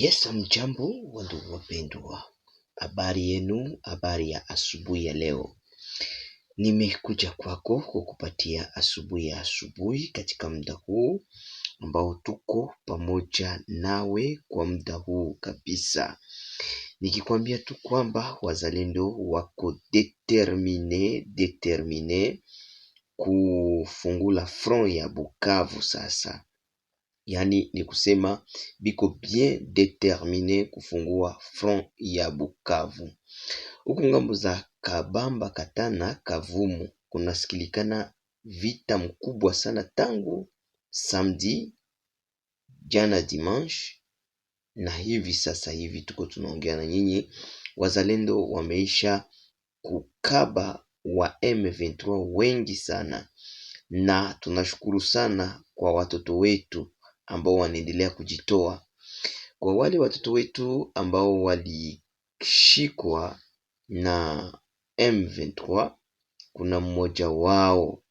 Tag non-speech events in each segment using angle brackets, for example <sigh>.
Yes, mjambo wandugu wapendwa, habari yenu? Habari ya asubuhi ya leo. Nimekuja kwako kukupatia asubuhi ya asubuhi katika muda huu ambao tuko pamoja nawe kwa muda huu kabisa, nikikwambia tu kwamba wazalendo wako determine determine kufungula front ya Bukavu sasa yani ni kusema biko bien determine kufungua front ya Bukavu. Huku ngambo za Kabamba, Katana, Kavumu kunasikilikana vita mkubwa sana tangu samedi jana dimanche na hivi sasa hivi tuko tunaongea na nyinyi, wazalendo wameisha kukaba wa M23 wengi sana, na tunashukuru sana kwa watoto wetu ambao wanaendelea kujitoa. Kwa wale watoto wetu ambao walishikwa na M23, kuna mmoja wao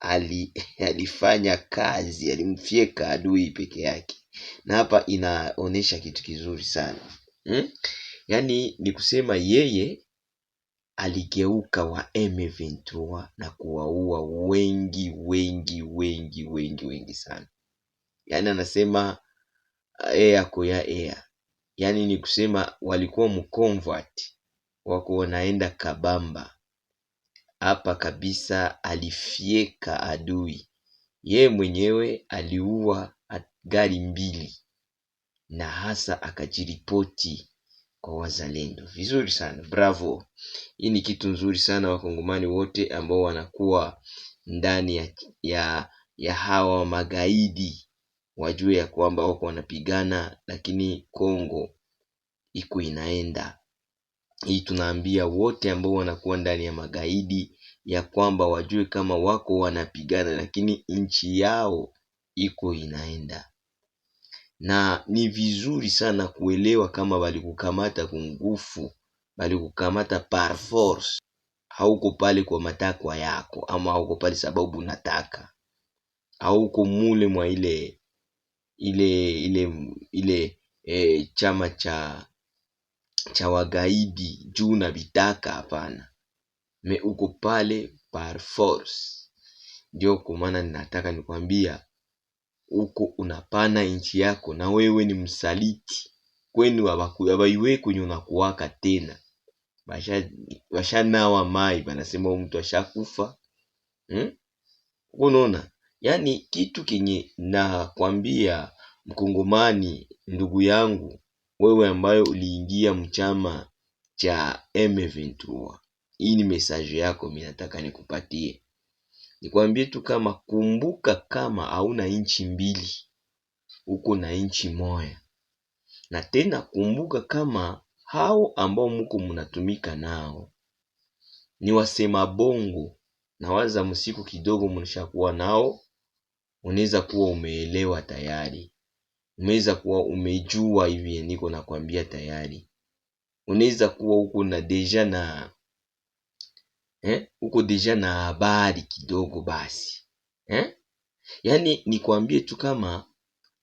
ali, <laughs> alifanya kazi, alimfyeka adui peke yake, na hapa inaonesha kitu kizuri sana hmm? Yaani ni kusema yeye aligeuka wa M23 na kuwaua wengi wengi wengi wengi wengi sana yani anasema ah, ea eh, koya ea, eh, yani ni kusema walikuwa mconvert wako wanaenda kabamba. Hapa kabisa alifieka adui, ye mwenyewe aliua gari mbili na hasa akajiripoti kwa wazalendo vizuri sana. Bravo, hii ni kitu nzuri sana. Wakongomani wote ambao wanakuwa ndani ya, ya, ya hawa magaidi wajue ya kwamba wako wanapigana, lakini Kongo iko inaenda. Hii tunaambia wote ambao wanakuwa ndani ya magaidi ya kwamba wajue kama wako wanapigana, lakini nchi yao iko inaenda na ni vizuri sana kuelewa kama walikukamata kungufu, walikukamata par force. Hauko pale kwa matakwa yako, ama hauko pale sababu unataka, hauko mule mwa ile ile ile ile e, chama cha cha wagaidi juu na vitaka, hapana, me uko pale par force. Ndio kwa maana ninataka nikwambia, uko unapana nchi yako na wewe ni msaliti. Kwenu wabaiwe kwenye unakuwaka tena, nawa mai, banasema mtu ashakufa hmm? Unaona Yaani kitu kenye nakwambia mkongomani, ndugu yangu, wewe ambayo uliingia mchama cha M23, hii ni message yako, mimi nataka nikupatie, nikwambie tu kama kumbuka, kama hauna nchi mbili, uko na nchi moya, na tena kumbuka kama hao ambao muko mnatumika nao ni wasema bongo, na waza msiku kidogo mnashakuwa nao unaweza kuwa umeelewa tayari, unaweza kuwa umejua hivi niko nakwambia tayari, unaweza kuwa uko na deja na eh, uko deja na habari kidogo basi eh? Yaani nikwambie tu kama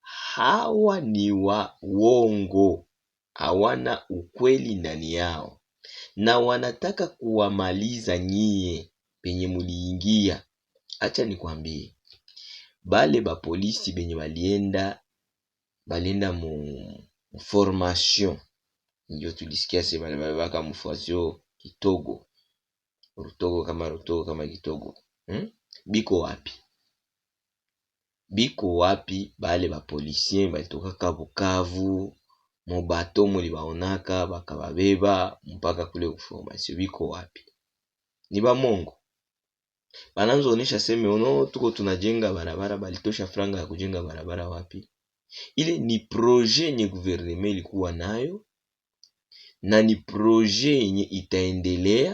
hawa ni wawongo, hawana ukweli ndani yao na wanataka kuwamaliza nyie penye muliingia. Acha nikwambie, bale bapolisi benye balienda balienda mu formation, ndio tulisikia se bale babaka kitogo rutogo kama rutogo kama kitogo hmm? biko wapi biko wapi bale bapolisie batokaka Bukavu mobato baonaka bakababeba mpaka kule kuformasio biko wapi? Ni bamongo Bananzoonyesha seme ono tuko tunajenga barabara, balitosha franga ya kujenga barabara wapi? Ile ni proje yenye guverneme ilikuwa nayo na ni proje yenye itaendelea.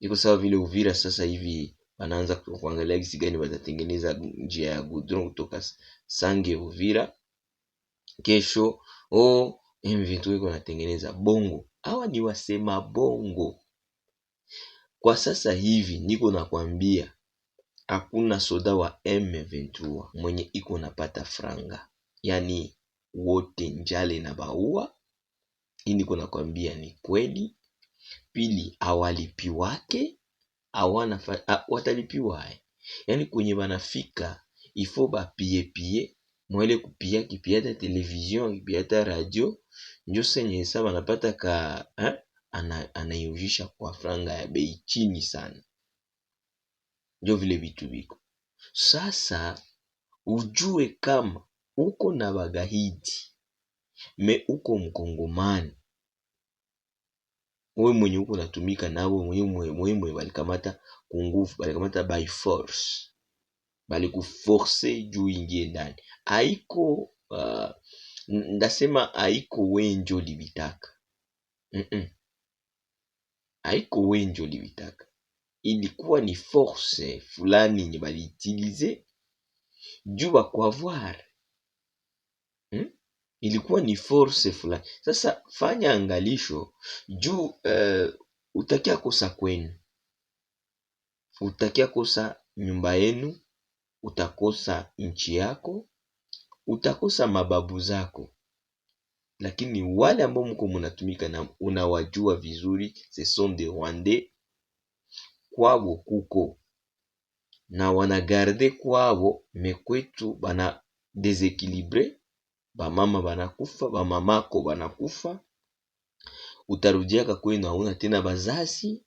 Iko sawa vile Uvira sasa hivi wanaanza kuangalia gisi gani watatengeneza njia ya gudron kutoka Sange Uvira. Kesho o M23 iko natengeneza bongo. Hawa ni wasema bongo. Kwa sasa hivi niko nakwambia hakuna soda wa M23 mwenye iko napata franga, yaani wote njale na baua. Hii niko nakwambia ni kweli. Pili, awalipi wake awana watalipiwa, yaani kwenye wanafika ifo bapie pie mwele kupia kipia ta televizion kipia ta radio njo senye sa banapata ka eh? anaiuzisha kwa franga ya bei chini sana. Ndio vile vitu viko sasa, ujue kama uko na bagahidi me uko mkongomani wewe mwenye uko natumika nawe mwenye mwenye balikamata kungufu balikamata by force balikuforce juu ingie ndani haiko. Uh, ndasema haiko wenjo njo libitaka mm -mm haiko wengi waliitaka, ilikuwa ni force fulani nye waliitilize juu bakuavoir hmm? Ilikuwa ni force fulani. Sasa fanya angalisho juu uh, utakia kosa kwenu, utakia kosa nyumba yenu, utakosa nchi yako, utakosa mababu zako lakini wale ambao mko mnatumika na unawajua vizuri, ce sont des Rwandais, kwabo kuko na wanagarde kwabo, mekwetu bana desekilibre, bamama banakufa, bamamako banakufa, utarudiaka kwenu, hauna tena bazasi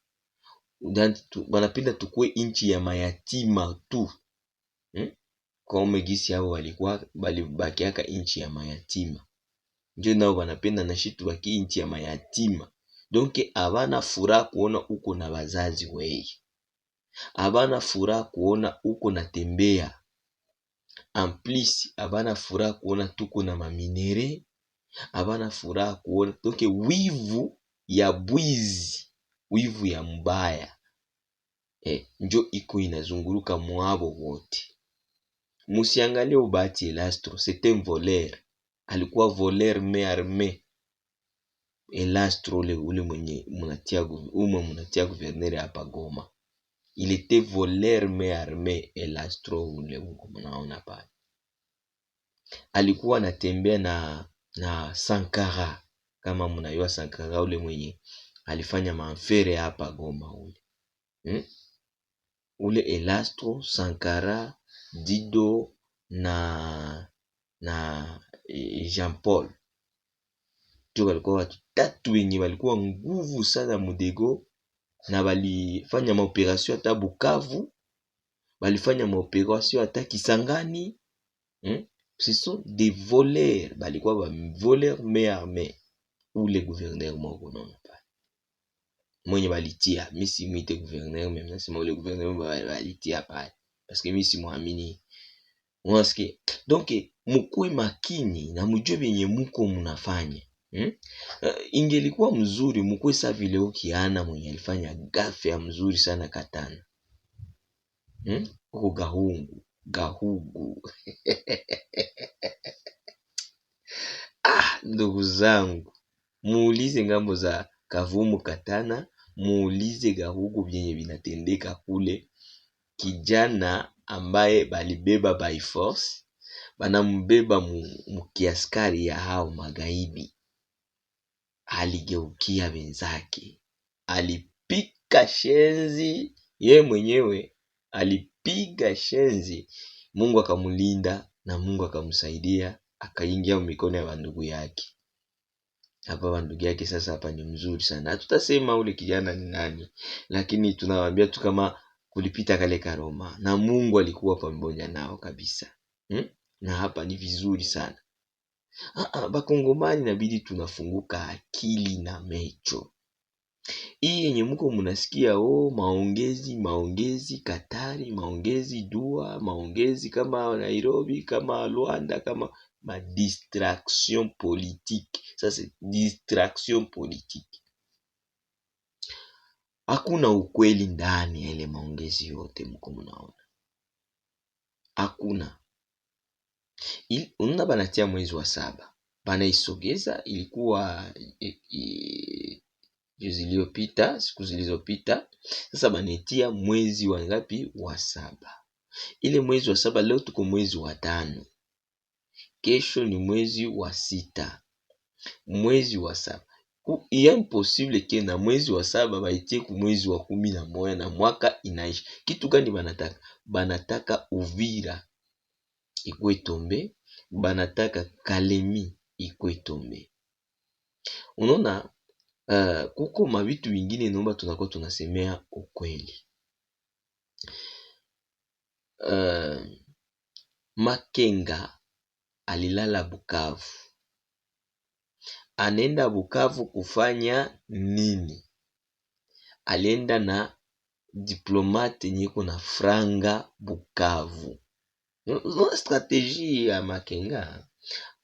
banapenda tukue inchi ya mayatima tu hmm? Kome gisi hao walikuwa balibakiaka inchi ya mayatima njo nao wanapenda na shitu baki nchi ya mayatima, donke abana furaha kuona uko na bazazi wei, abana furaha kuona uko na tembea amplis abana furaha kuona tuko na maminere, abana furaha kuona donke wivu ya bwizi, wivu ya mbaya eh, njo iko inazunguruka mwabo wote. Musiangalie Bahati Elastro, c'est un voleur alikuwa voler me arme elastro Trole, ule mwenye mnatia ume mnatia guverner hapa Goma, il était voler me arme. elastro ule uko mnaona pale, alikuwa anatembea na na Sankara, kama mnayua Sankara ule mwenye alifanya manfere hapa Goma ule hmm? Ule Elastro Sankara Dido na na Jean Paul ndio walikuwa watu tatu wenye walikuwa nguvu sana Mudego, na walifanya maoperasio hata Bukavu, walifanya maoperasio hata Kisangani hmm? Ce sont des voleurs, balikuwa ba voleur me arme. ou le gouverneur moko naona pa mwenye balitia, misi mwite gouverneur, mimi nasema ule gouverneur balitia pa parce que mimi simwamini unasikia donc mkuwe makini na mjue venye muko mnafanya hmm? Uh, ingelikuwa mzuri mkuwe sa vile ukiana mwenye alifanya gafe ya mzuri sana katana hmm? uko gahungu gahugu <laughs> ah, ndugu zangu muulize ngambo za Kavumu Katana, muulize Gahugu vyenye vinatendeka kule. Kijana ambaye balibeba by force banambeba mkiaskari ya hao magaidi. Aligeukia wenzake, alipika shenzi ye mwenyewe, alipiga shenzi. Mungu akamlinda na Mungu akamsaidia, akaingia mikono ya bandugu yake. Hapa bandugu yake sasa, hapa ni mzuri sana. Hatutasema ule kijana ni nani, lakini tunawaambia tu kama Ulipita kale karoma na Mungu alikuwa pamoja nao kabisa hmm? Na hapa ni vizuri sana ah, ah, Bakongomani, inabidi tunafunguka akili na mecho hii yenye muko mnasikia o oh, maongezi maongezi Katari, maongezi dua, maongezi kama Nairobi, kama lwanda kama ma distraction politique. Ça c'est distraction politique. Hakuna ukweli ndani ya ile maongezi yote mko mnaona, hakuna una banatia mwezi wa saba banaisogeza. Ilikuwa juzi iliyopita, siku zilizopita. Sasa banaitia mwezi wa ngapi? Wa saba. Ile mwezi wa saba, leo tuko mwezi wa tano, kesho ni mwezi wa sita, mwezi wa saba impossible ke na mwezi wa saba baitie ku mwezi wa kumi na moya na mwaka inaisha. Kitu gani banataka? Banataka Uvira ikwe tombe, banataka Kalemi ikwe tombe. Unaona, uh, kuko mavitu vingine naomba tunakuwa tunasemea ukweli. Uh, Makenga alilala Bukavu anaenda Bukavu kufanya nini? Alienda na diplomate yenye na franga Bukavu. Ni strategie ya Makenga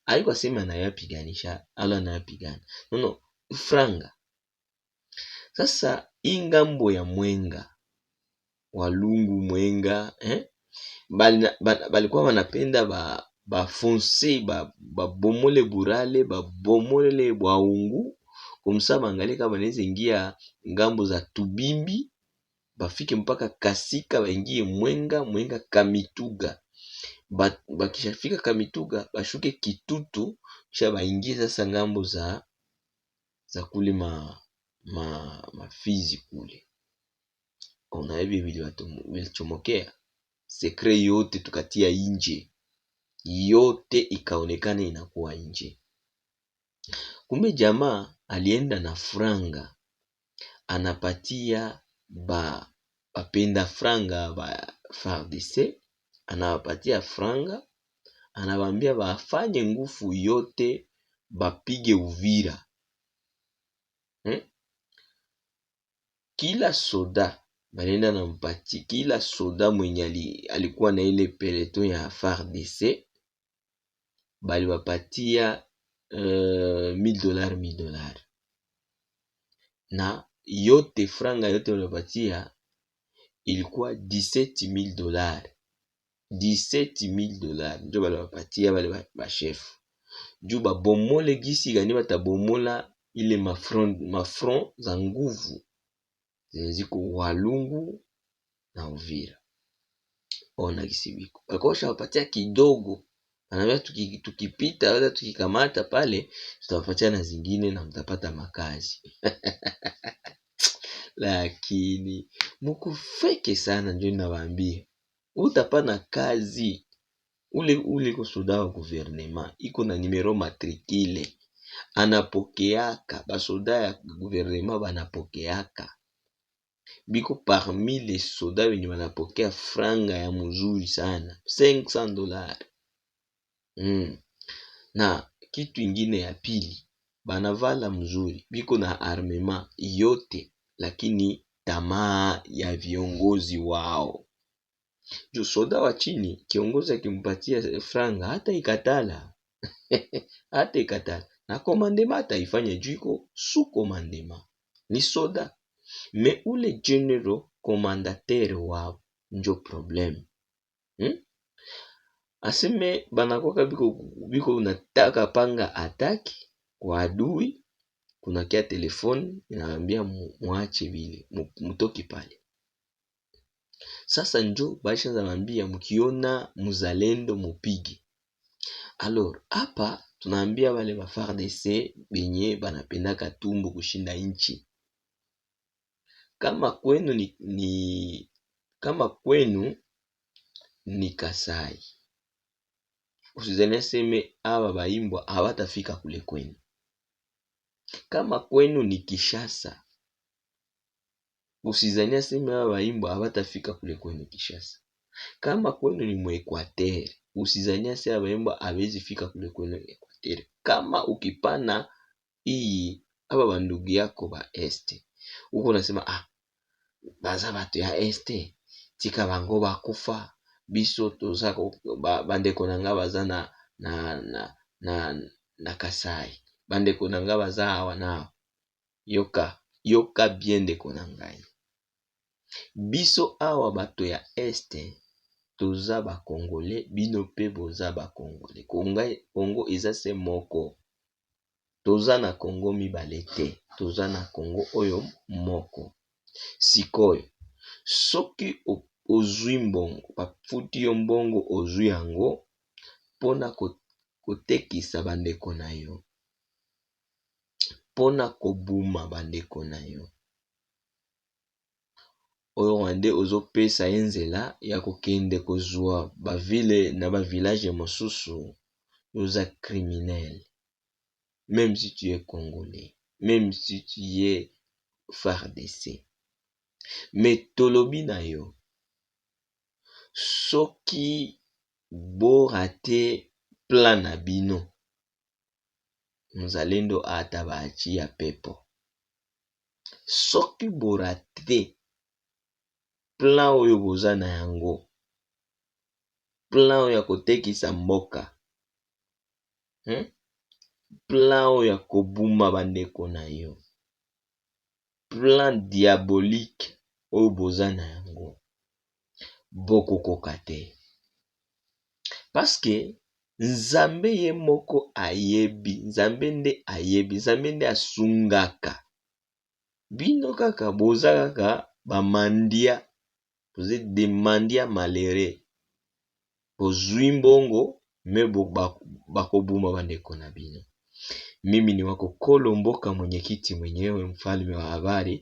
alikuwa sema anayapiganisha ala anayapigana nono franga. Sasa hii ngambo ya Mwenga, Walungu Mwenga eh? Balikuwa bali, bali wanapenda ba bafonse babomole burale babomole bwaungu komsa bangali kaka banesi engi ya ngambo za tubimbi bafike mpaka kasika baingie mwenga mwenga kamituga bakishafika kamituga bashuke kitutu kisha baingie sasa ngambo za za kule ma, ma, mafizi kule unaivi vilichomokea sekre yote tukatia inje yote ikaonekana inakuwa nje. Kumbe jamaa alienda na franga, anapatia ba bapenda franga ba FARDC, anawapatia franga, anawaambia bafanye ngufu yote bapige Uvira hmm? Kila soda balienda na mpati, kila soda mwenye alikuwa na ile peleton ya FARDC baliwapatia uh, mil dolari mil dolari, na yote franga yote waliwapatia ilikuwa 17000 dolari 17000 dolari njo baliwapatia bale bashefu juu babomole gisi gani batabomola ile mafron, mafron za nguvu zenye Walungu na Uvira. Ona gisi biko bakosha wapatia kidogo Anaambia tukipita hata tukikamata pale tutawapatia na zingine na mtapata makazi. <laughs> Lakini mukufeke sana, ndio ninawaambia, utapana kazi ule ule kosoda wa guvernema iko na numero matrikile anapokeaka basoda ya guvernema banapokeaka biko parmi les soda wenye banapokea franga ya muzuri sana 500 dollars Mm. Na kitu ingine ya pili, banavala mzuri biko na armema yote, lakini tamaa ya viongozi wao juu soda wa chini, kiongozi akimpatia franga hata ikatala <laughs> hata ikatala na komandema ataifanya juiko iko su komandema ni soda me ule general komandatere wao njo probleme hmm? aseme banakwaka biko, biko nataka panga ataki kwa adui kunakia telefone inaambia mwache vile mutoki pale. Sasa njo baishanza naambia mkiona muzalendo mupige. alor hapa tunaambia wale wa FARDC benye banapendaka tumbo kushinda nchi, kama kwenu ni, ni, kama kwenu ni Kasai usizene seme hawa baimbwa hawatafika kule kwenu. Kama kwenu ni Kishasa, usizene seme hawa baimbwa hawatafika kule kwenu Kishasa. Kama kwenu ni muekwateri, usizania aseme hawa baimbwa hawezi fika kule kwenu Ekwateri. Kama ukipana iyi aba bandugu yako ba este, uko unasema ah, baza bato ya este chika bango bakufa biso toza bandeko na nga baza na kasai bandeko na nga baza awa na awa yoka yoka bien ndeko na ngai biso awa bato ya este toza bakongole bino mpe boza bakongole kongo eza se moko toza na kongo mibale te toza na kongo oyo moko sikoyo soki ozwi mbongo bafuti yo mbongo ozwi yango mpona kotekisa bandeko na yo mpona kobuma bandeko na yo oyo nde ozopesa ye nzela ya kokende kozwa bavile na bavillage mosusu yoza criminel meme si tu es congolais meme si tu es fardc me tolobi na yo soki borate plan na bino mzalendo ata baachia pepo soki borate plan oyo boza na yango plan oyo ya kotekisa mboka hmm? plan oyo ya kobuma bandeko na yo plan diabolique oyo boza na yango bokokoka te paske nzambe ye moko ayebi nzambe nde ayebi nzambe nde asungaka bino kaka boza kaka bamandia boza demandia malere bozwi mbongo me bakobuma bandeko na bino mimi ni wako kolo mboka mwenyekiti mwenyewe mfalme wa habari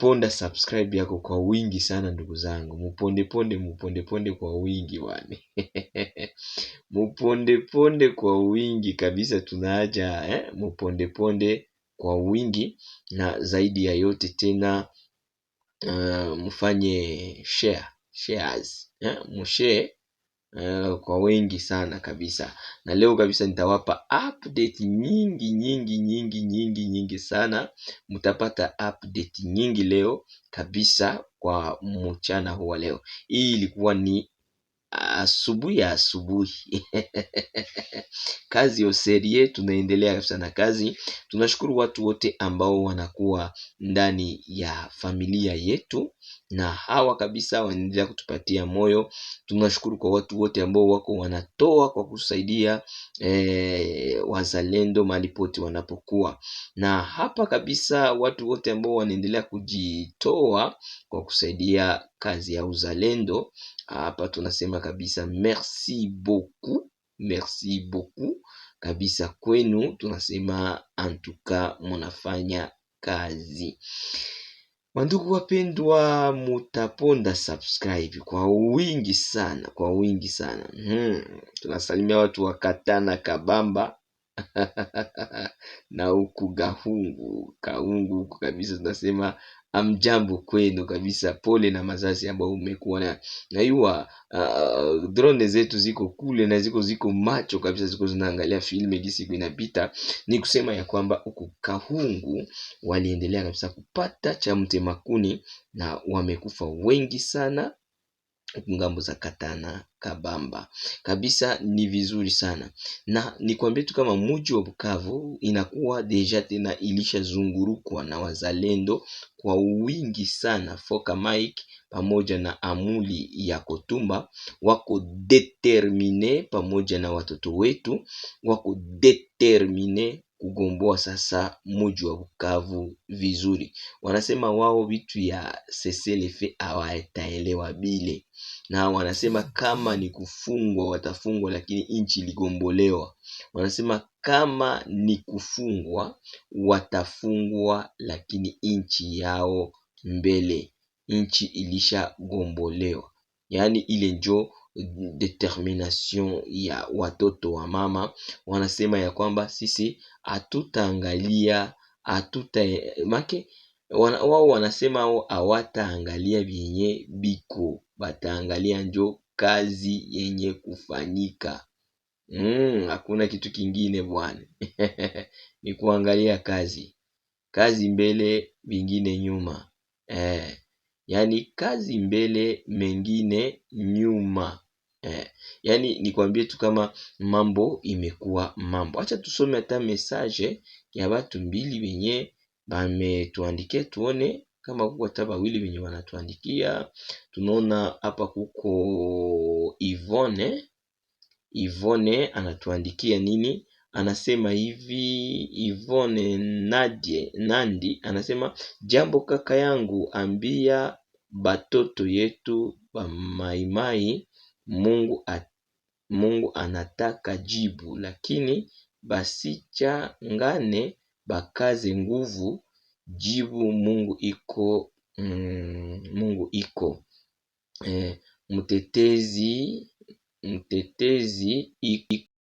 ponda subscribe yako kwa wingi sana ndugu zangu, mupondeponde mupondeponde kwa wingi <laughs> muponde mupondeponde kwa wingi kabisa, tunaacha eh? mupondeponde kwa wingi, na zaidi ya yote tena uh, mfanye share shares eh? mushare Eh, kwa wengi sana kabisa, na leo kabisa nitawapa update nyingi nyingi nyingi nyingi nyingi sana. Mtapata update nyingi leo kabisa kwa mchana huu wa leo. Hii ilikuwa ni asubuhi ya asubuhi <laughs> kazi oserie tunaendelea kabisa na kazi. Tunashukuru watu wote ambao wanakuwa ndani ya familia yetu, na hawa kabisa wanaendelea kutupatia moyo. Tunashukuru kwa watu wote ambao wako wanatoa kwa kusaidia e, wazalendo mahali wanapokuwa, na hapa kabisa watu wote ambao wanaendelea kujitoa kwa kusaidia kazi ya uzalendo. Hapa tunasema kabisa merci beaucoup, merci beaucoup kabisa kwenu, tunasema antuka munafanya kazi. Wandugu wapendwa, mutaponda subscribe kwa wingi sana, kwa wingi sana. Hmm, tunasalimia watu wa Katana Kabamba <laughs> na huku gahungu kaungu huku kabisa, tunasema amjambo kwenu kabisa, pole na mazazi ambao umekuona na naiwa. Uh, drone zetu ziko kule na ziko ziko macho kabisa, ziko zinaangalia filme jinsi siku inapita. Ni kusema ya kwamba huku kahungu waliendelea kabisa kupata cha mtemakuni na wamekufa wengi sana ngambo za Katana Kabamba kabisa, ni vizuri sana na nikwambie tu kama muji wa Bukavu inakuwa deja tena ilishazungurukwa na wazalendo kwa wingi sana. Foka Mike pamoja na Amuli ya Kotumba wako determine, pamoja na watoto wetu wako determine kugomboa sasa muji wa Bukavu vizuri. Wanasema wao vitu ya seselefe hawataelewa bile, na wanasema kama ni kufungwa watafungwa, lakini nchi iligombolewa. Wanasema kama ni kufungwa watafungwa, lakini nchi yao mbele, nchi ilishagombolewa. Yaani ile njo determination ya watoto wa mama, wanasema ya kwamba sisi hatutaangalia hatuta make wao wanasema hawataangalia vyenye biko, bataangalia njo kazi yenye kufanyika. Mm, hakuna kitu kingine bwana. <laughs> Ni kuangalia kazi, kazi mbele, vingine nyuma eh. yani kazi mbele, mengine nyuma. Eh, yani nikwambie tu kama mambo imekuwa mambo. Acha tusome hata message ya batu mbili benye bametuandikia, tuone kama kuko hata bawili benye banatuandikia. Tunaona hapa kuko Ivone, Ivone anatuandikia nini? Anasema hivi Ivone Nadie, Nandi anasema jambo kaka yangu, ambia batoto yetu bamaimai Mungu anataka jibu, lakini basichangane bakaze nguvu, jibu Mungu iko, mm, mutetezi iko eh,